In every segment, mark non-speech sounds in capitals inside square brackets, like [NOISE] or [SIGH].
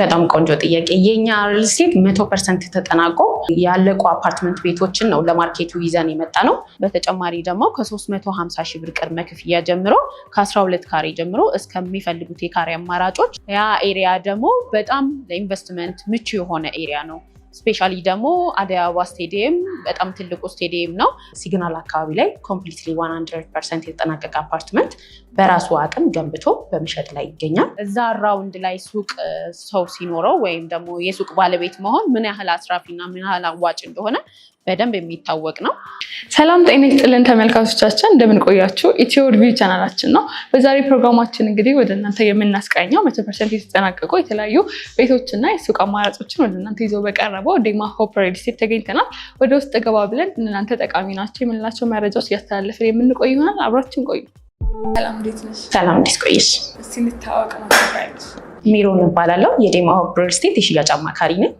በጣም ቆንጆ ጥያቄ። የኛ ሴት መቶ ፐርሰንት ተጠናቆ ያለቁ አፓርትመንት ቤቶችን ነው ለማርኬቱ ይዘን የመጣ ነው። በተጨማሪ ደግሞ ከ350 ሺህ ብር ቅድመ ክፍያ ጀምሮ ከ12 ካሬ ጀምሮ እስከሚፈልጉት የካሬ አማራጮች ያ ኤሪያ ደግሞ በጣም ለኢንቨስትመንት ምቹ የሆነ ኤሪያ ነው። ስፔሻሊ ደግሞ አደይ አበባ ስቴዲየም በጣም ትልቁ ስቴዲየም ነው። ሲግናል አካባቢ ላይ ኮምፕሊትሊ 100 ፐርሰንት የተጠናቀቀ አፓርትመንት በራሱ አቅም ገንብቶ በመሸጥ ላይ ይገኛል። እዛ ራውንድ ላይ ሱቅ ሰው ሲኖረው ወይም ደግሞ የሱቅ ባለቤት መሆን ምን ያህል አስራፊና ምን ያህል አዋጭ እንደሆነ በደንብ የሚታወቅ ነው። ሰላም ጤና ይስጥልን ተመልካቾቻችን፣ እንደምን ቆያችሁ? ኢትዮ ሪቪው ቻናላችን ነው። በዛሬ ፕሮግራማችን እንግዲህ ወደ እናንተ የምናስቃኘው መቶ ፐርሰንት የተጠናቀቁ የተለያዩ ቤቶችና የሱቅ አማራጮችን ወደ እናንተ ይዞ በቀረበው ዴማ ሆፕ ሪል ስቴት ተገኝተናል። ወደ ውስጥ ገባ ብለን እናንተ ጠቃሚ ናቸው የምንላቸው መረጃዎች እያስተላለፍን የምንቆይ ይሆናል። አብራችን ቆዩ። ሰላም እንዴት ቆይሽ? እንታወቅ ነው ሚሮን እባላለሁ። የዴማ ሆፕ ሪል ስቴት የሽያጭ አማካሪ ነኝ።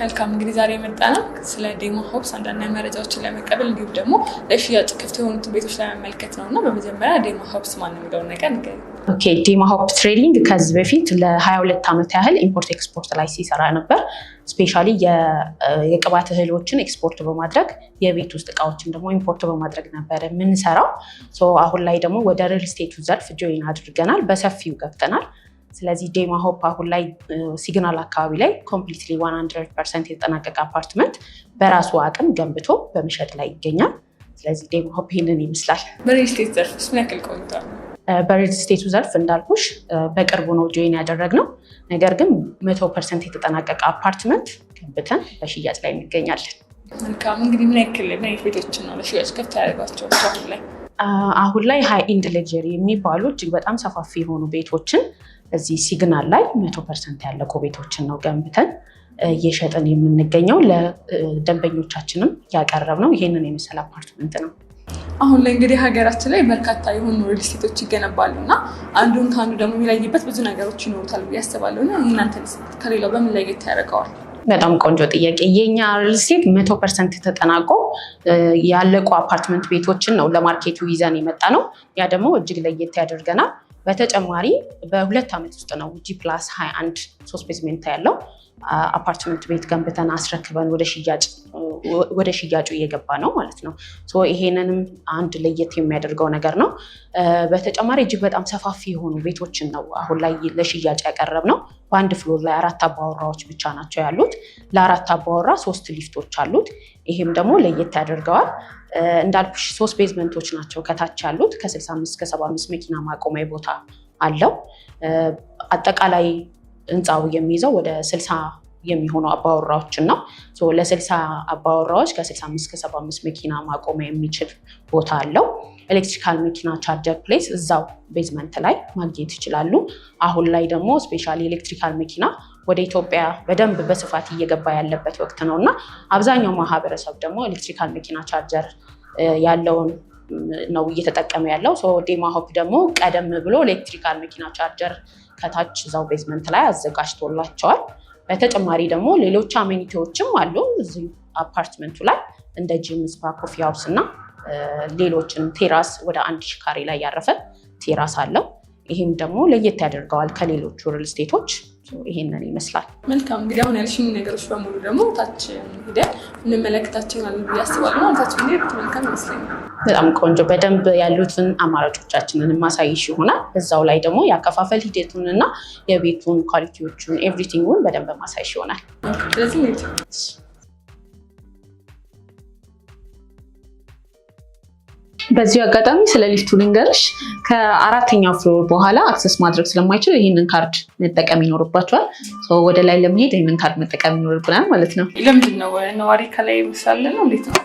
መልካም እንግዲህ ዛሬ የመጣ ነው ስለ ዴማ ሆፕስ አንዳንድ መረጃዎችን ለመቀበል እንዲሁም ደግሞ ለሽያጭ ክፍት የሆኑት ቤቶች ለመመልከት ነው እና በመጀመሪያ ዴማ ሆፕስ ማን የሚለውን ነገር ንገ ኦኬ ዴማ ሆፕ ትሬዲንግ ከዚህ በፊት ለ22 ዓመት ያህል ኢምፖርት ኤክስፖርት ላይ ሲሰራ ነበር። ስፔሻሊ የቅባት እህሎችን ኤክስፖርት በማድረግ የቤት ውስጥ እቃዎችን ደግሞ ኢምፖርት በማድረግ ነበር የምንሰራው። አሁን ላይ ደግሞ ወደ ሪል ስቴቱ ዘርፍ ጆይን አድርገናል፣ በሰፊው ገብተናል። ስለዚህ ዴማ ሆፕ አሁን ላይ ሲግናል አካባቢ ላይ ኮምፕሊትሊ 100 የተጠናቀቀ አፓርትመንት በራሱ አቅም ገንብቶ በመሸጥ ላይ ይገኛል። ስለዚህ ዴማ ሆፕ ይህንን ይመስላል። በሪል ስቴት ዘርፍ ምን ያክል ቆይቷል? በሪል ስቴቱ ዘርፍ እንዳልኩሽ በቅርቡ ነው ጆይን ያደረግነው። ነገር ግን መቶ ፐርሰንት የተጠናቀቀ አፓርትመንት ገንብተን በሽያጭ ላይ እንገኛለን። መልካም እንግዲህ ምን ያክል ነው ለሽያጭ ክፍት ያደርጓቸው? አሁን ላይ አሁን ላይ ሀይ ኢንድ ሌክዠሪ የሚባሉ እጅግ በጣም ሰፋፊ የሆኑ ቤቶችን እዚህ ሲግናል ላይ መቶ ፐርሰንት ያለቁ ቤቶችን ነው ገንብተን እየሸጥን የምንገኘው። ለደንበኞቻችንም ያቀረብ ነው ይህንን የመሰለ አፓርትመንት ነው። አሁን ላይ እንግዲህ ሀገራችን ላይ በርካታ የሆኑ ሪልስቴቶች ይገነባሉ እና አንዱን ከአንዱ ደግሞ የሚለይበት ብዙ ነገሮች ይኖሩታል ያስባለሁ። እናንተ ከሌላው በምን ለየት ያደርገዋል? በጣም ቆንጆ ጥያቄ። የኛ ሪልስቴት መቶ ፐርሰንት ተጠናቆ ያለቁ አፓርትመንት ቤቶችን ነው ለማርኬቱ ይዘን የመጣ ነው። ያ ደግሞ እጅግ ለየት ያደርገናል። በተጨማሪ በሁለት ዓመት ውስጥ ነው ጂ ፕላስ 21 ሶስት ቤዝሜንት ያለው አፓርትመንት ቤት ገንብተን አስረክበን ወደ ሽያጩ እየገባ ነው ማለት ነው። ይሄንንም አንድ ለየት የሚያደርገው ነገር ነው። በተጨማሪ እጅግ በጣም ሰፋፊ የሆኑ ቤቶችን ነው አሁን ላይ ለሽያጭ ያቀረብ ነው። በአንድ ፍሎር ላይ አራት አባወራዎች ብቻ ናቸው ያሉት። ለአራት አባወራ ሶስት ሊፍቶች አሉት። ይሄም ደግሞ ለየት ያደርገዋል። እንዳልኩሽ ሶስት ቤዝመንቶች ናቸው ከታች ያሉት። ከ65 እስከ 75 መኪና ማቆሚያ ቦታ አለው። አጠቃላይ ህንፃው የሚይዘው ወደ 60 የሚሆኑ አባወራዎችን ነው። ለ60 አባወራዎች ከ65 እስከ 75 መኪና ማቆሚያ የሚችል ቦታ አለው። ኤሌክትሪካል መኪና ቻርጀር ፕሌስ እዛው ቤዝመንት ላይ ማግኘት ይችላሉ። አሁን ላይ ደግሞ ስፔሻሊ ኤሌክትሪካል መኪና ወደ ኢትዮጵያ በደንብ በስፋት እየገባ ያለበት ወቅት ነው እና አብዛኛው ማህበረሰብ ደግሞ ኤሌክትሪካል መኪና ቻርጀር ያለውን ነው እየተጠቀመ ያለው። ዴማሆፕ ደግሞ ቀደም ብሎ ኤሌክትሪካል መኪና ቻርጀር ከታች እዛው ቤዝመንት ላይ አዘጋጅቶላቸዋል። በተጨማሪ ደግሞ ሌሎች አሜኒቲዎችም አሉ እዚህ አፓርትመንቱ ላይ እንደ ጂም፣ ስፓ፣ ኮፊ እና ሌሎችን ቴራስ ወደ አንድ ሺህ ካሬ ላይ ያረፈ ቴራስ አለው። ይህም ደግሞ ለየት ያደርገዋል ከሌሎቹ ሪል ስቴቶች። ይሄንን ይመስላል። መልካም እንግዲህ አሁን ያልሽኝ ነገሮች በሙሉ ደግሞ ታች ሂደን እንመለከታቸዋለን ብዬ አስባለሁ። ታች መልካም ይመስለኛል። በጣም ቆንጆ በደንብ ያሉትን አማራጮቻችንን ማሳይሽ ይሆናል። እዛው ላይ ደግሞ የአከፋፈል ሂደቱን እና የቤቱን ኳሊቲዎቹን ኤቭሪቲንግን በደንብ ማሳይሽ ይሆናል። ስለዚህ በዚሁ አጋጣሚ ስለ ሊፍቱ ልንገርሽ። ከአራተኛው ፍሎር በኋላ አክሰስ ማድረግ ስለማይችል ይህንን ካርድ መጠቀም ይኖርባቸዋል። ወደ ላይ ለመሄድ ይህንን ካርድ መጠቀም ይኖርብናል ማለት ነው። ለምንድን ነው ነዋሪ ከላይ ምሳሌ ነው? እንዴት ነው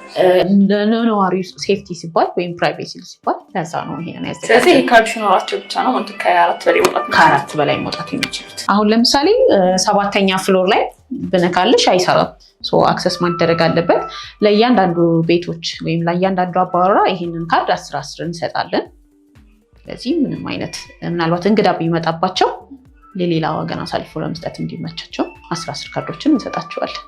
ለነዋሪ ሴፍቲ ሲባል ወይም ፕራይቬሲ ሲባል ለዛ ነው ይሄንን ያዘ። ስለዚህ ይህ ካርድ ሲኖራቸው ብቻ ነው ከአራት በላይ መውጣት ከአራት በላይ መውጣት የሚችሉት። አሁን ለምሳሌ ሰባተኛ ፍሎር ላይ ብነካልሽ አይሰራም። አክሰስ ማደረግ አለበት። ለእያንዳንዱ ቤቶች ወይም ለእያንዳንዱ አባወራ ይህንን ካርድ አስር አስር እንሰጣለን። ስለዚህ ምንም አይነት ምናልባት እንግዳ ቢመጣባቸው ለሌላ ወገን አሳልፎ ለመስጠት እንዲመቻቸው አስር አስር ካርዶችን እንሰጣቸዋለን።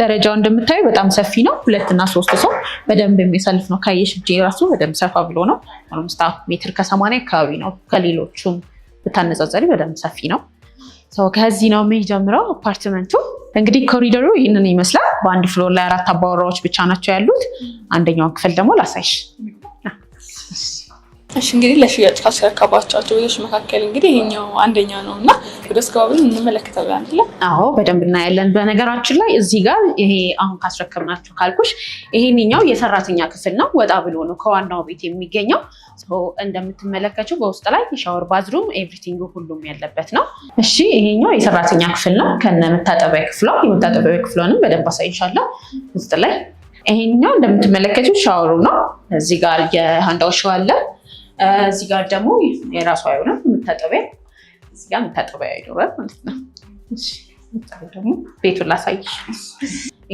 ደረጃው እንደምታዩ በጣም ሰፊ ነው። ሁለትና ሶስት ሰው በደንብ የሚያሳልፍ ነው። ካየሽ እጄ ራሱ በደንብ ሰፋ ብሎ ነው። ሜትር ከሰማንያ አካባቢ ነው። ከሌሎቹም ብታነጻጸሪ በደንብ ሰፊ ነው። ከዚህ ነው የሚጀምረው አፓርትመንቱ። እንግዲህ ኮሪደሩ ይህንን ይመስላል። በአንድ ፍሎር ላይ አራት አባወራዎች ብቻ ናቸው ያሉት። አንደኛውን ክፍል ደግሞ ላሳይሽ። እሺ እንግዲህ ለሽያጭ ካስረከባቻቸው ቤቶች መካከል እንግዲህ ይሄኛው አንደኛ ነው እና ወደ አስገባብን እንመለከታለን። አዎ በደንብ እናያለን። በነገራችን ላይ እዚህ ጋር ይሄ አሁን ካስረከብናቸው ካልኩሽ ይሄንኛው የሰራተኛ ክፍል ነው። ወጣ ብሎ ነው ከዋናው ቤት የሚገኘው። እንደምትመለከችው በውስጥ ላይ ሻወር ባዝሩም ኤቭሪቲንግ ሁሉም ያለበት ነው። እሺ ይሄኛው የሰራተኛ ክፍል ነው ከነ መታጠቢያ ክፍሏ። የመታጠቢያ ክፍሏንም በደንብ አሳይሻለሁ ውስጥ ላይ። ይሄኛው እንደምትመለከችው ሻወሩ ነው። እዚህ ጋር የሃንድ አለ። እዚህ ጋር ደግሞ የራሷ አይሆንም መታጠቢያ፣ እዚህ ጋር መታጠቢያ አይኖረም ማለት ነው። ደግሞ ቤቱን ላሳይሽ።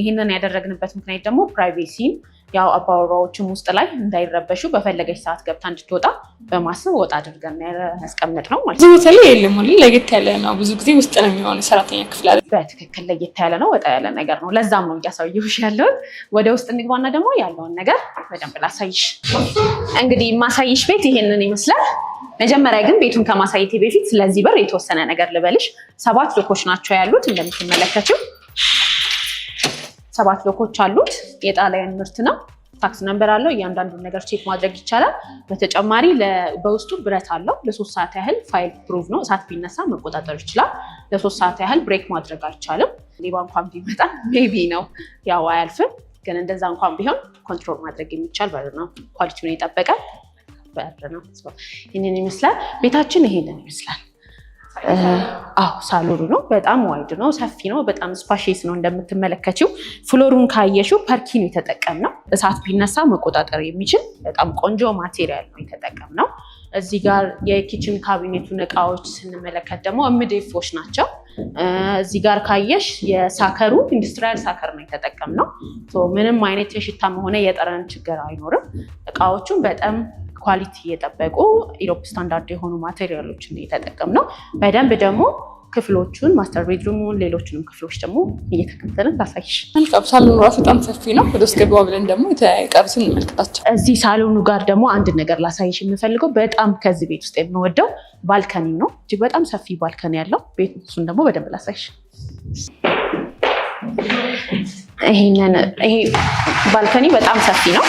ይህንን ያደረግንበት ምክንያት ደግሞ ፕራይቬሲን ያው አባወራዎችም ውስጥ ላይ እንዳይረበሹ በፈለገች ሰዓት ገብታ እንድትወጣ በማሰብ ወጣ አድርገን ያስቀምጥ ነው ማለት ነው። በተለይ የለም ለየት ያለ ነው። ብዙ ጊዜ ውስጥ ነው የሚሆነው ሰራተኛ ክፍል አለ። በትክክል ለየት ያለ ነው፣ ወጣ ያለ ነገር ነው። ለዛም ነው እያሳየሁሽ ያለውን። ወደ ውስጥ እንግባና ደግሞ ያለውን ነገር በደንብ ላሳይሽ። እንግዲህ ማሳይሽ ቤት ይሄንን ይመስላል። መጀመሪያ ግን ቤቱን ከማሳየቴ በፊት ስለዚህ በር የተወሰነ ነገር ልበልሽ። ሰባት ዶኮች ናቸው ያሉት እንደምትመለከችው ሰባት ሎኮች አሉት። የጣሊያን ምርት ነው። ታክስ ነንበር አለው። እያንዳንዱን ነገር ቼክ ማድረግ ይቻላል። በተጨማሪ በውስጡ ብረት አለው። ለሶስት ሰዓት ያህል ፋይል ፕሩቭ ነው። እሳት ቢነሳ መቆጣጠር ይችላል። ለሶስት ሰዓት ያህል ብሬክ ማድረግ አይቻልም። ሌባ እንኳን ቢመጣ [LAUGHS] ሜቢ ነው ያው አያልፍም፣ ግን እንደዛ እንኳን ቢሆን ኮንትሮል ማድረግ የሚቻል በር ነው። ኳሊቲውን የጠበቀ በር ነው። ይህንን ይመስላል ቤታችን፣ ይሄንን ይመስላል። አዎ ሳሎኑ ነው። በጣም ዋይድ ነው፣ ሰፊ ነው፣ በጣም ስፓሽስ ነው። እንደምትመለከችው ፍሎሩን ካየሽው ፐርኪን የተጠቀምነው እሳት ቢነሳ መቆጣጠር የሚችል በጣም ቆንጆ ማቴሪያል ነው የተጠቀምነው። እዚህ ጋር የኪችን ካቢኔቱን እቃዎች ስንመለከት ደግሞ እምዴፎች ናቸው። እዚህ ጋር ካየሽ የሳከሩ ኢንዱስትሪያል ሳከር ነው የተጠቀምነው። ምንም አይነት የሽታም ሆነ የጠረን ችግር አይኖርም። እቃዎቹም በጣም ኳሊቲ የጠበቁ ኢሮፕ ስታንዳርድ የሆኑ ማቴሪያሎችን እየተጠቀም ነው። በደንብ ደግሞ ክፍሎቹን ማስተር ቤድሩሙን፣ ሌሎችንም ክፍሎች ደግሞ እየተከተልን ላሳይሽ። መልካም ሳሎኑ ራሱ በጣም ሰፊ ነው። ወደ ውስጥ ገባ ብለን ደግሞ የተቀሩትን እንመልከታቸው። እዚህ ሳሎኑ ጋር ደግሞ አንድ ነገር ላሳይሽ የምፈልገው በጣም ከዚህ ቤት ውስጥ የምወደው ባልከኒ ነው። እጅግ በጣም ሰፊ ባልከኒ ያለው ቤት፣ እሱን ደግሞ በደንብ ላሳይሽ። ይሄንን ይሄ ባልከኒ በጣም ሰፊ ነው።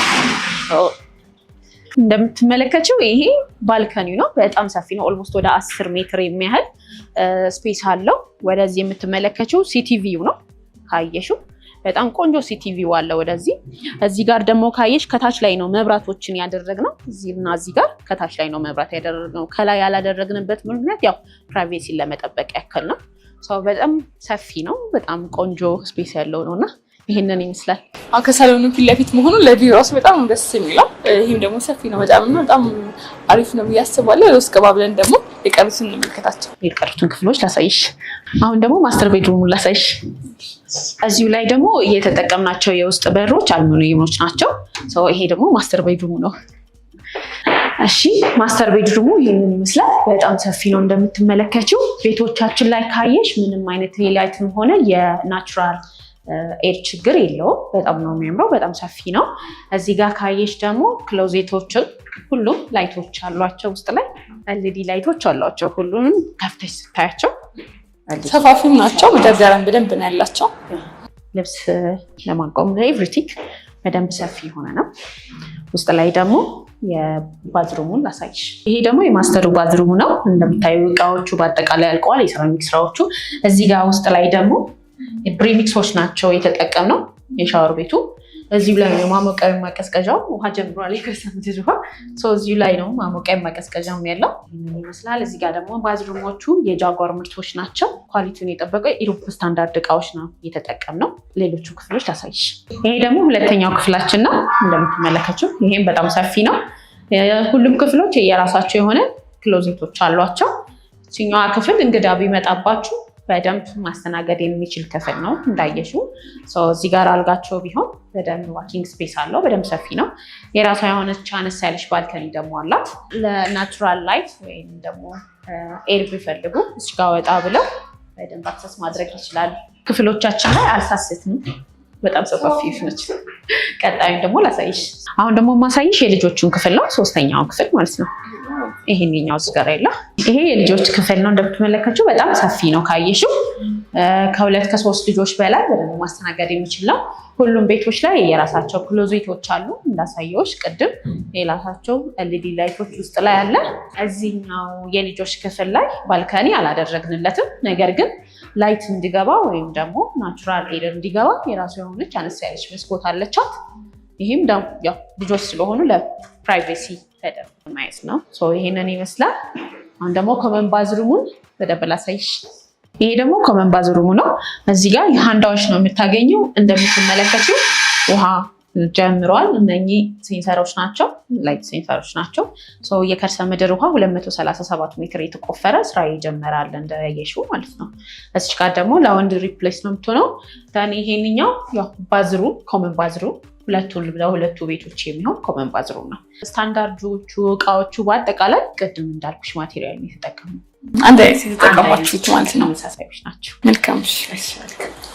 እንደምትመለከችው ይሄ ባልከኒ ነው። በጣም ሰፊ ነው። ኦልሞስት ወደ አስር ሜትር የሚያህል ስፔስ አለው። ወደዚህ የምትመለከችው ሲቲቪው ነው። ካየሽው በጣም ቆንጆ ሲቲቪው አለ። ወደዚህ እዚህ ጋር ደግሞ ካየሽ ከታች ላይ ነው መብራቶችን ያደረግነው። እዚህና እዚህ ጋር ከታች ላይ ነው መብራት ያደረግነው። ከላይ ያላደረግንበት ምክንያት ያው ፕራይቬሲን ለመጠበቅ ያክል ነው። ሰው በጣም ሰፊ ነው። በጣም ቆንጆ ስፔስ ያለው ነው እና ይሄንን ይመስላል። አሁን ከሳሎኑ ፊት ለፊት መሆኑ ለቪው ራሱ በጣም ደስ የሚለው ይህም ደግሞ ሰፊ ነው በጣም በጣም አሪፍ ነው ብዬ አስባለሁ። ለውስጥ ገባ ብለን ደግሞ የቀሩትን እንመልከታቸው። የቀሩትን ክፍሎች ላሳይሽ። አሁን ደግሞ ማስተር ቤድሩሙን ላሳይሽ። እዚሁ ላይ ደግሞ እየተጠቀምናቸው የውስጥ በሮች አልሙኒየሞች ናቸው። ይሄ ደግሞ ማስተር ቤድሩሙ ነው። እሺ ማስተር ቤድሩሙ ይህንን ይመስላል። በጣም ሰፊ ነው እንደምትመለከችው። ቤቶቻችን ላይ ካየሽ ምንም አይነት ሌላይትም ሆነ የናቹራል ኤድ ችግር የለውም። በጣም ነው የሚያምረው። በጣም ሰፊ ነው። እዚህ ጋር ካየች ደግሞ ክሎዜቶችን ሁሉም ላይቶች አሏቸው። ውስጥ ላይ ኤልዲ ላይቶች አሏቸው። ሁሉንም ከፍተሽ ስታያቸው ሰፋፊም ናቸው። መደርደሪያም በደንብ ነው ያላቸው። ልብስ ለማቆም ኤቭሪቲንግ በደንብ ሰፊ የሆነ ነው። ውስጥ ላይ ደግሞ የባዝሩሙን ላሳይሽ። ይሄ ደግሞ የማስተሩ ባዝሩሙ ነው። እንደምታዩ እቃዎቹ በአጠቃላይ አልቀዋል፣ የሴራሚክ ስራዎቹ እዚህ ጋር ውስጥ ላይ ደግሞ ብሪሚክሶች ናቸው የተጠቀም ነው የሻወር ቤቱ እዚሁ ላይ ነው ማሞቂያ ማቀዝቀዣው። ውሃ ጀምሯል የከሰምት ውሃ እዚሁ ላይ ነው ማሞቂያ ማቀዝቀዣውም ያለው ይመስላል። እዚህ ጋር ደግሞ ባዝሩሞቹ የጃጓር ምርቶች ናቸው። ኳሊቲውን የጠበቀው ኢሮፕ ስታንዳርድ እቃዎች ነው እየተጠቀም ነው። ሌሎቹ ክፍሎች ታሳይሽ። ይሄ ደግሞ ሁለተኛው ክፍላችን ነው እንደምትመለከችው። ይሄም በጣም ሰፊ ነው። ሁሉም ክፍሎች የራሳቸው የሆነ ክሎዜቶች አሏቸው። እችኛዋ ክፍል እንግዳ ቢመጣባችሁ በደንብ ማስተናገድ የሚችል ክፍል ነው። እንዳየሽው እዚህ ጋር አልጋቸው ቢሆን በደንብ ዋኪንግ ስፔስ አለው። በደንብ ሰፊ ነው። የራሷ የሆነች አነስ ያለች ባልከኒ ደግሞ አላት። ለናቹራል ላይት ወይም ደግሞ uh, ኤር ቢፈልጉ እዚህ ጋር ወጣ ብለው በደንብ አክሰስ ማድረግ ይችላሉ። ክፍሎቻችን ላይ አልሳስትም። በጣም ሰፋፊ ነች። ቀጣዩን ደግሞ ላሳይሽ። አሁን ደግሞ ማሳይሽ የልጆቹን ክፍል ነው፣ ሶስተኛውን ክፍል ማለት ነው። ይሄን የኛው እዚህ ጋር የለ ይሄ የልጆች ክፍል ነው። እንደምትመለከችው በጣም ሰፊ ነው። ካየሽው ከሁለት ከሶስት ልጆች በላይ በደንብ ማስተናገድ የሚችል ነው። ሁሉም ቤቶች ላይ የራሳቸው ክሎዜቶች አሉ። እንዳሳየዎች ቅድም የራሳቸው ኤልኢዲ ላይቶች ውስጥ ላይ አለ። እዚህኛው የልጆች ክፍል ላይ ባልከኒ አላደረግንለትም። ነገር ግን ላይት እንዲገባ ወይም ደግሞ ናቹራል ኤር እንዲገባ የራሱ የሆነች አነስ ያለች መስኮት አለቻት። ይህም ልጆች ስለሆኑ ለፕራይቬሲ ተደርጎ ማየት ነው። ይህንን ይመስላል። አሁን ደግሞ ኮመን ባዝሩሙን በደንብ ላሳይሽ። ይሄ ደግሞ ኮመን ባዝሩሙ ነው። እዚህ ጋር የሃንዳዎች ነው የምታገኘው። እንደምትመለከቱ ውሃ ጀምሯል። እነኚህ ሴንሰሮች ናቸው፣ ላይት ሴንሰሮች ናቸው። የከርሰ ምድር ውሃ 237 ሜትር የተቆፈረ ስራ ይጀመራል፣ እንደያየሽ ማለት ነው። እዚች ጋር ደግሞ ለወንድ ሪፕሌስ ነው የምትሆነው። ይሄንኛው ባዝሩ ኮመን ባዝሩ ሁለቱ ለሁለቱ ቤቶች የሚሆን ኮመን ባዝሩም ነው። ስታንዳርዶቹ፣ እቃዎቹ በአጠቃላይ ቅድም እንዳልኩሽ ማቴሪያል የተጠቀሙ አንድ አይነት የተጠቀማችሁት ማለት ነው። መሳሳዮች ናቸው። መልካም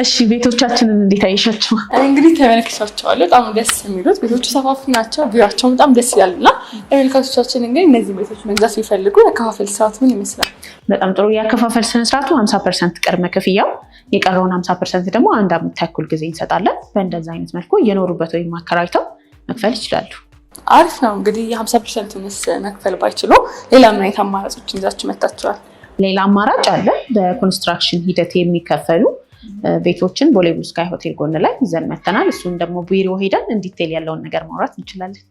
እሺ። ቤቶቻችንን እንዴት አይሻቸው? እንግዲህ ተመለከቻቸዋለሁ። በጣም ደስ የሚሉት ቤቶቹ ሰፋፊ ናቸው። ቢሯቸው በጣም ደስ ይላል እና ተመልካቶቻችን እንግዲህ እነዚህ ቤቶች መግዛት ቢፈልጉ ያከፋፈል ስርዓት ምን ይመስላል? በጣም ጥሩ። ያከፋፈል ስነስርዓቱ ሀምሳ ፐርሰንት ቅድመ ክፍያው የቀረውን ሀምሳ ፐርሰንት ደግሞ አንድ አመት ተኩል ጊዜ እንሰጣለን። በእንደዚ አይነት መልኩ እየኖሩበት ወይም አከራይተው መክፈል ይችላሉ። አሪፍ ነው። እንግዲህ የሀምሳ ፐርሰንቱንስ መክፈል ባይችሉ ሌላ ምን አይነት አማራጮችን ይዛችሁ መጥታችኋል? ሌላ አማራጭ አለ። በኮንስትራክሽን ሂደት የሚከፈሉ ቤቶችን ቦሌ ብሉ ስካይ ሆቴል ጎን ላይ ይዘን መተናል። እሱን ደግሞ ቢሮ ሄደን እንዲቴል ያለውን ነገር ማውራት እንችላለን።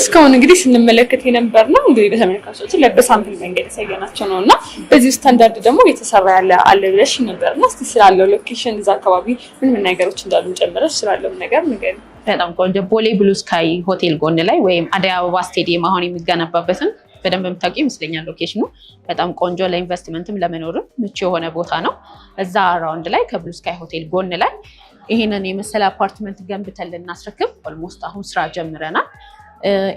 እስካሁን እንግዲህ ስንመለከት የነበር ነው እንግዲህ በተመልካቾችን በሳምፕል መንገድ ያሳየናቸው ነው እና በዚህ ስታንዳርድ ደግሞ እየተሰራ ያለ አለ ብለሽ ነበር እና እስኪ ስላለው ሎኬሽን እዛ አካባቢ ምን ምን ነገሮች እንዳሉ ጨምረሽ ስላለው ነገር ንገሪ። በጣም ቆንጆ ቦሌ ብሉ ስካይ ሆቴል ጎን ላይ ወይም አደይ አበባ ስቴዲየም አሁን የሚገነባበትን በደንብ የምታውቂው ይመስለኛል። ሎኬሽኑ በጣም ቆንጆ ለኢንቨስትመንትም ለመኖርም ምቹ የሆነ ቦታ ነው። እዛ ራውንድ ላይ ከብሉ ስካይ ሆቴል ጎን ላይ ይሄንን የመሰለ አፓርትመንት ገንብተን ልናስረክብ ኦልሞስት አሁን ስራ ጀምረናል።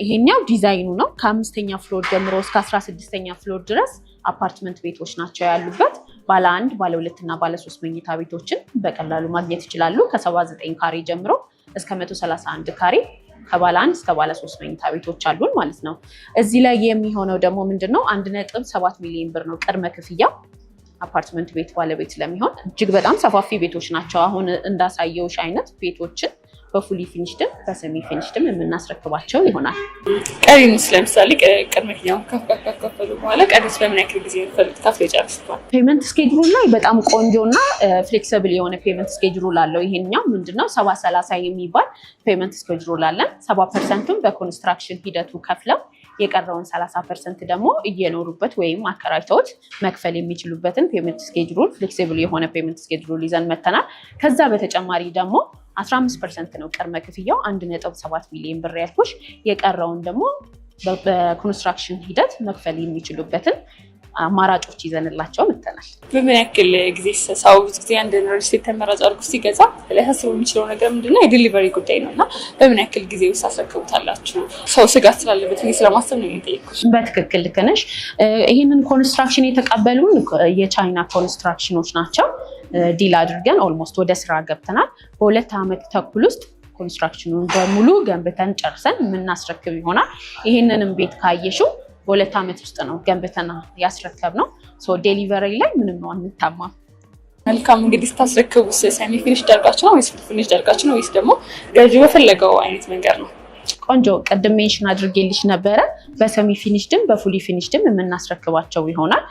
ይሄኛው ዲዛይኑ ነው። ከአምስተኛ ፍሎር ጀምሮ እስከ አስራ ስድስተኛ ፍሎር ድረስ አፓርትመንት ቤቶች ናቸው ያሉበት። ባለ አንድ ባለ ሁለት እና ባለ ሶስት መኝታ ቤቶችን በቀላሉ ማግኘት ይችላሉ። ከሰባ ዘጠኝ ካሬ ጀምሮ እስከ መቶ ሰላሳ አንድ ካሬ ከባለ አንድ እስከ ባለ ሶስት መኝታ ቤቶች አሉን ማለት ነው። እዚህ ላይ የሚሆነው ደግሞ ምንድን ነው አንድ ነጥብ ሰባት ሚሊዮን ብር ነው ቅድመ ክፍያ አፓርትመንት ቤት ባለቤት ስለሚሆን እጅግ በጣም ሰፋፊ ቤቶች ናቸው። አሁን እንዳሳየውሽ አይነት ቤቶችን በፉሊ ፊኒሽድም በሰሚ ፊኒሽድም የምናስረክባቸው ይሆናል። ቀሪንስ ለምሳሌ ቅድመ ክፍያውን ከፈሉ በኋላ ቀሪንስ በምን ያክል ጊዜ የሚፈልግ ከፍሎ ጨርስቷል። ፔመንት ስኬጅሩል ላይ በጣም ቆንጆ እና ፍሌክሲብል የሆነ ፔመንት ስኬጅሩል አለው። ይሄኛው ምንድነው ሰባ ሰላሳ የሚባል ፔመንት ስኬጅሩል አለን። ሰባ ፐርሰንቱን በኮንስትራክሽን ሂደቱ ከፍለው የቀረውን ሰላሳ ፐርሰንት ደግሞ እየኖሩበት ወይም አከራይተውት መክፈል የሚችሉበትን ፔመንት ስኬጅሩል ፍሌክሲብል የሆነ ፔመንት ስኬጅሩል ይዘን መተናል። ከዛ በተጨማሪ ደግሞ 15 ፐርሰንት ነው ቅድመ ክፍያው 1.7 ሚሊዮን ብር ያልኩሽ። የቀረውን ደግሞ በኮንስትራክሽን ሂደት መክፈል የሚችሉበትን አማራጮች ይዘንላቸው መጥተናል። በምን ያክል ጊዜ ሰው ብዙ ጊዜ አንድ ሪልስቴት ተመራጭ አድርጎ ሲገዛ ሊያሳስበው የሚችለው ነገር ምንድነው? የዴሊቨሪ ጉዳይ ነው እና በምን ያክል ጊዜ ውስጥ አስረክቡታላችሁ? ሰው ስጋት ስላለበት ጊዜ ስለማሰብ ነው የሚጠይቁት። በትክክል ልክ ነሽ። ይህንን ኮንስትራክሽን የተቀበሉን የቻይና ኮንስትራክሽኖች ናቸው። ዲል አድርገን ኦልሞስት ወደ ስራ ገብተናል። በሁለት ዓመት ተኩል ውስጥ ኮንስትራክሽኑን በሙሉ ገንብተን ጨርሰን የምናስረክብ ይሆናል። ይህንንም ቤት ካየሽው በሁለት ዓመት ውስጥ ነው ገንብተና ያስረከብ ነው። ዴሊቨሪ ላይ ምንም ነው አንታማም። መልካም እንግዲህ ስታስረክቡ ሴሚ ፊኒሽ ጨርቃችሁ ነው ወይስ ፊኒሽ ጨርቃችሁ ነው ወይስ ደግሞ ገዢ በፈለገው አይነት መንገድ ነው? ቆንጆ ቅድም ሜንሽን አድርጌልሽ ነበረ በሰሚ ፊኒሽድም በፉሊ ፊኒሽድም የምናስረክባቸው ይሆናል።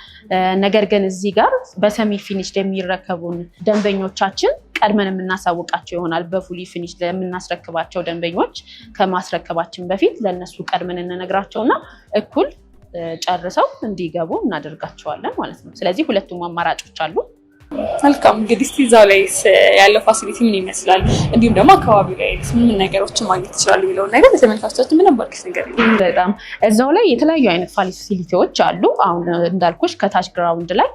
ነገር ግን እዚህ ጋር በሰሚ ፊኒሽድ የሚረከቡን ደንበኞቻችን ቀድመን የምናሳውቃቸው ይሆናል። በፉሊ ፊኒሽ ለምናስረክባቸው ደንበኞች ከማስረከባችን በፊት ለእነሱ ቀድመን እንነግራቸውና እኩል ጨርሰው እንዲገቡ እናደርጋቸዋለን ማለት ነው። ስለዚህ ሁለቱም አማራጮች አሉ። መልካም እንግዲህ እስኪ እዛው ላይ ያለው ፋሲሊቲ ምን ይመስላል፣ እንዲሁም ደግሞ አካባቢው ላይ ምን ነገሮችን ማግኘት ይችላሉ የሚለውን ነገር ለተመልካቾች ምን አባልክስ ነገር በጣም እዛው ላይ የተለያዩ አይነት ፋሲሊቲዎች አሉ። አሁን እንዳልኩሽ ከታች ግራውንድ ላይ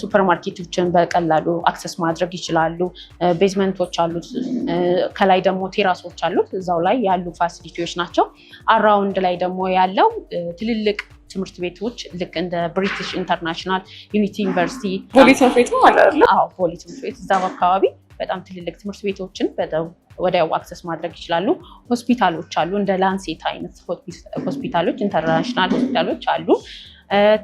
ሱፐር ማርኬቶችን በቀላሉ አክሰስ ማድረግ ይችላሉ። ቤዝመንቶች አሉት፣ ከላይ ደግሞ ቴራሶች አሉት። እዛው ላይ ያሉ ፋሲሊቲዎች ናቸው። አራውንድ ላይ ደግሞ ያለው ትልልቅ ትምህርት ቤቶች ልክ እንደ ብሪቲሽ ኢንተርናሽናል ዩኒቲ ዩኒቨርሲቲ ፖሊ ትምህርት ቤት ፖሊ ትምህርት ቤት እዛም አካባቢ በጣም ትልልቅ ትምህርት ቤቶችን ወዲያው አክሰስ ማድረግ ይችላሉ። ሆስፒታሎች አሉ፣ እንደ ላንሴት አይነት ሆስፒታሎች፣ ኢንተርናሽናል ሆስፒታሎች አሉ።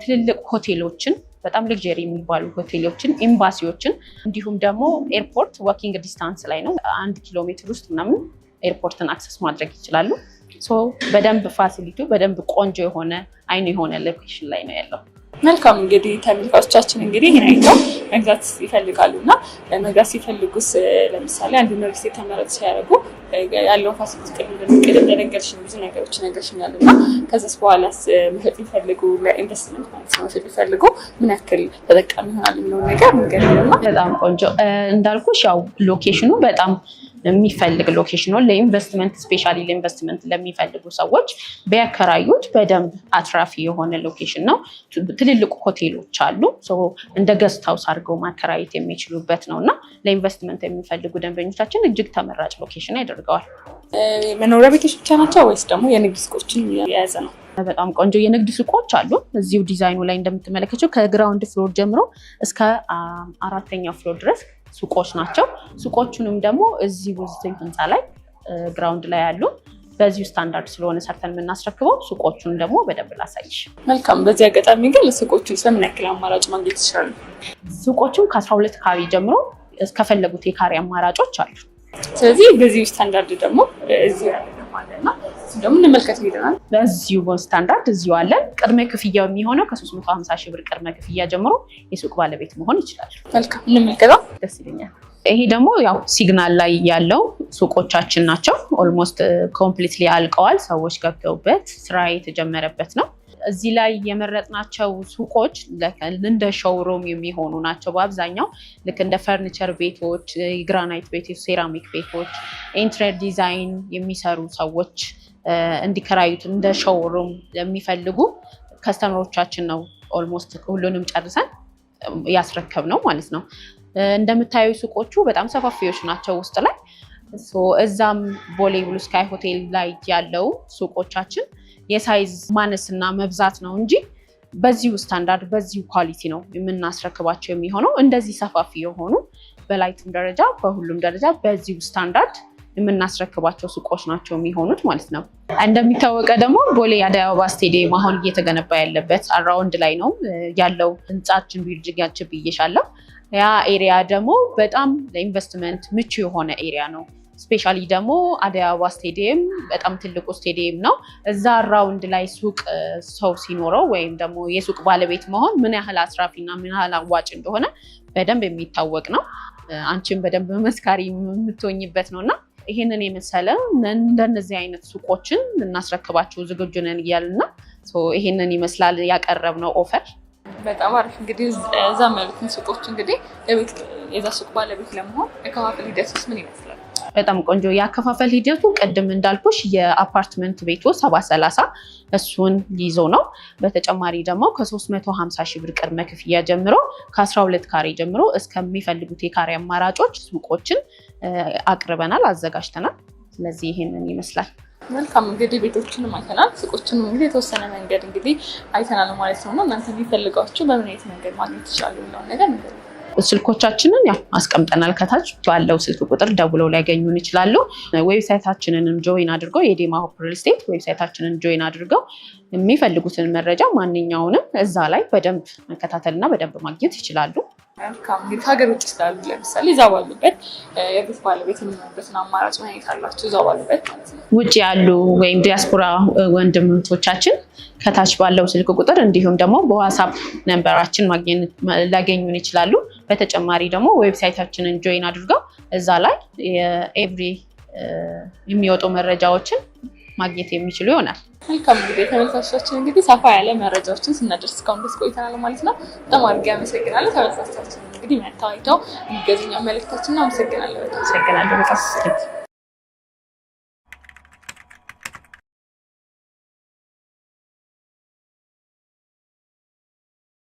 ትልልቅ ሆቴሎችን በጣም ልግጀሪ የሚባሉ ሆቴሎችን፣ ኤምባሲዎችን እንዲሁም ደግሞ ኤርፖርት ወኪንግ ዲስታንስ ላይ ነው። አንድ ኪሎ ሜትር ውስጥ ምናምን ኤርፖርትን አክሰስ ማድረግ ይችላሉ። በደንብ ፋሲሊቲው በደንብ ቆንጆ የሆነ አይኑ የሆነ ሎኬሽን ላይ ነው ያለው። መልካም እንግዲህ ተመልካቾቻችን እንግዲህ ይህን አይተው መግዛት ይፈልጋሉ እና መግዛት ሲፈልጉስ ለምሳሌ አንድ ዩኒቨርሲቲ ተመረጥ ሲያደርጉ ያለው ፋሲሊቲ ቅድም እንደነገርሽን ብዙ ነገሮች ነገርሽኛል እና ከዚስ በኋላስ መሸጥ ይፈልጉ ለኢንቨስትመንት ማለት ነው መሸጥ ይፈልጉ ምን ያክል ተጠቃሚ ይሆናል የሚለውን ነገር ንገሪልማ። በጣም ቆንጆ እንዳልኩሽ ያው ሎኬሽኑ በጣም የሚፈልግ ሎኬሽን ነው ለኢንቨስትመንት ስፔሻሊ ለኢንቨስትመንት ለሚፈልጉ ሰዎች ቢያከራዩት በደንብ አትራፊ የሆነ ሎኬሽን ነው። ትልልቅ ሆቴሎች አሉ፣ እንደ ገስት አድርገው ማከራየት የሚችሉበት ነው እና ለኢንቨስትመንት የሚፈልጉ ደንበኞቻችን እጅግ ተመራጭ ሎኬሽን ያደርገዋል። መኖሪያ ቤቶች ብቻ ናቸው ወይስ ደግሞ የንግድ ሱቆችን የያዘ ነው? በጣም ቆንጆ የንግድ ሱቆች አሉ። እዚሁ ዲዛይኑ ላይ እንደምትመለከቸው ከግራውንድ ፍሎር ጀምሮ እስከ አራተኛው ፍሎር ድረስ ሱቆች ናቸው። ሱቆቹንም ደግሞ እዚህ ውዝትኝ ህንፃ ላይ ግራውንድ ላይ ያሉ በዚሁ ስታንዳርድ ስለሆነ ሰርተን የምናስረክበው ሱቆቹን ደግሞ በደንብ ላሳይሽ። መልካም። በዚህ አጋጣሚ ግን ሱቆቹን ስለምን ያክል አማራጭ ማግኘት ይችላሉ? ሱቆቹን ከአስራ ሁለት ካሬ ጀምሮ እስከፈለጉት የካሬ አማራጮች አሉ። ስለዚህ በዚሁ ስታንዳርድ ደግሞ እዚሁ ያለ ማለት ነው ደግሞ እንመልከት ሄደናል። በዚሁ ስታንዳርድ እዚሁ አለን። ቅድመ ክፍያው የሚሆነው ከ350 ሺህ ብር ቅድመ ክፍያ ጀምሮ የሱቅ ባለቤት መሆን ይችላል። መልካም እንመልከተው። ደስ ይለኛል። ይሄ ደግሞ ያው ሲግናል ላይ ያለው ሱቆቻችን ናቸው። ኦልሞስት ኮምፕሊትሊ አልቀዋል። ሰዎች ገብተውበት ስራ የተጀመረበት ነው። እዚህ ላይ የመረጥናቸው ሱቆች እንደ ሾውሮም የሚሆኑ ናቸው። በአብዛኛው ልክ እንደ ፈርኒቸር ቤቶች፣ የግራናይት ቤቶች፣ ሴራሚክ ቤቶች፣ ኢንትሪየር ዲዛይን የሚሰሩ ሰዎች እንዲከራዩት እንደ ሾውሩም የሚፈልጉ ከስተመሮቻችን ነው። ኦልሞስት ሁሉንም ጨርሰን ያስረከብ ነው ማለት ነው። እንደምታዩ ሱቆቹ በጣም ሰፋፊዎች ናቸው ውስጥ ላይ እዛም ቦሌ ብሉ ስካይ ሆቴል ላይ ያለው ሱቆቻችን የሳይዝ ማነስና መብዛት ነው እንጂ በዚሁ ስታንዳርድ በዚሁ ኳሊቲ ነው የምናስረክባቸው የሚሆነው። እንደዚህ ሰፋፊ የሆኑ በላይትም ደረጃ በሁሉም ደረጃ በዚሁ ስታንዳርድ የምናስረክባቸው ሱቆች ናቸው የሚሆኑት ማለት ነው። እንደሚታወቀ ደግሞ ቦሌ አደይ አበባ ስቴዲየም አሁን እየተገነባ ያለበት አራውንድ ላይ ነው ያለው ህንጻችን ቢልጅያችን ያ ኤሪያ ደግሞ በጣም ለኢንቨስትመንት ምቹ የሆነ ኤሪያ ነው። ስፔሻሊ ደግሞ አደይ አበባ ስቴዲየም በጣም ትልቁ ስቴዲየም ነው። እዛ ራውንድ ላይ ሱቅ ሰው ሲኖረው ወይም ደግሞ የሱቅ ባለቤት መሆን ምን ያህል አስራፊና ምን ያህል አዋጭ እንደሆነ በደንብ የሚታወቅ ነው። አንቺም በደንብ መስካሪ የምትሆኝበት ነው እና ይህንን የመሰለ እንደነዚህ አይነት ሱቆችን እናስረክባቸው ዝግጁ ነን እያልና ይሄንን ይመስላል ያቀረብነው ኦፈር። በጣም አሪፍ እንግዲህ እዛ መሉትን ሱቆች እንግዲህ የዛ ሱቅ ባለቤት ለመሆን የከፋፈል ሂደት ውስጥ ምን ይመስላል? በጣም ቆንጆ የአከፋፈል ሂደቱ ቅድም እንዳልኩሽ የአፓርትመንት ቤቱ 730 እሱን ይዞ ነው። በተጨማሪ ደግሞ ከ350 ሺህ ብር ቅድመ ክፍያ ጀምሮ ከ12 ካሬ ጀምሮ እስከሚፈልጉት የካሬ አማራጮች ሱቆችን አቅርበናል፣ አዘጋጅተናል። ስለዚህ ይህንን ይመስላል። መልካም እንግዲህ ቤቶችንም አይተናል፣ ሱቆችንም እንግዲህ የተወሰነ መንገድ እንግዲህ አይተናል ማለት ነው። እና እናንተ የሚፈልጋችሁ በምን አይነት መንገድ ማግኘት ይችላሉ የሚለውን ነገር ስልኮቻችንን ያው አስቀምጠናል። ከታች ባለው ስልክ ቁጥር ደውለው ሊያገኙን ይችላሉ። ዌብሳይታችንንም ጆይን አድርገው የዴማ ሆፕ ሪል ስቴት ዌብሳይታችንን ጆይን አድርገው የሚፈልጉትን መረጃ ማንኛውንም እዛ ላይ በደንብ መከታተልና በደንብ ማግኘት ይችላሉ። ከሀገር ውጭ ስላሉ ለምሳሌ እዛ ባሉበት የቤት ባለቤት የሚሆኑበትን አማራጭ ሁኔታ አላቸው። እዛ ባሉበት ውጭ ያሉ ወይም ዲያስፖራ ወንድምቶቻችን ከታች ባለው ስልክ ቁጥር እንዲሁም ደግሞ በዋሳፕ ነንበራችን ሊያገኙን ይችላሉ። በተጨማሪ ደግሞ ዌብሳይታችንን ጆይን አድርገው እዛ ላይ የኤቭሪ የሚወጡ መረጃዎችን ማግኘት የሚችሉ ይሆናል። መልካም እንግዲህ ተመልካቾቻችን እንግዲህ ሰፋ ያለ መረጃዎችን ስናደርስ እስካሁን ድረስ ቆይተናል ማለት ነው። በጣም አድርጌ አመሰግናለሁ። ተመልካቾቻችን እንግዲህ መታወቂያው የሚገዝኛው መልእክታችን ነው። አመሰግናለሁ። አመሰግናለሁ።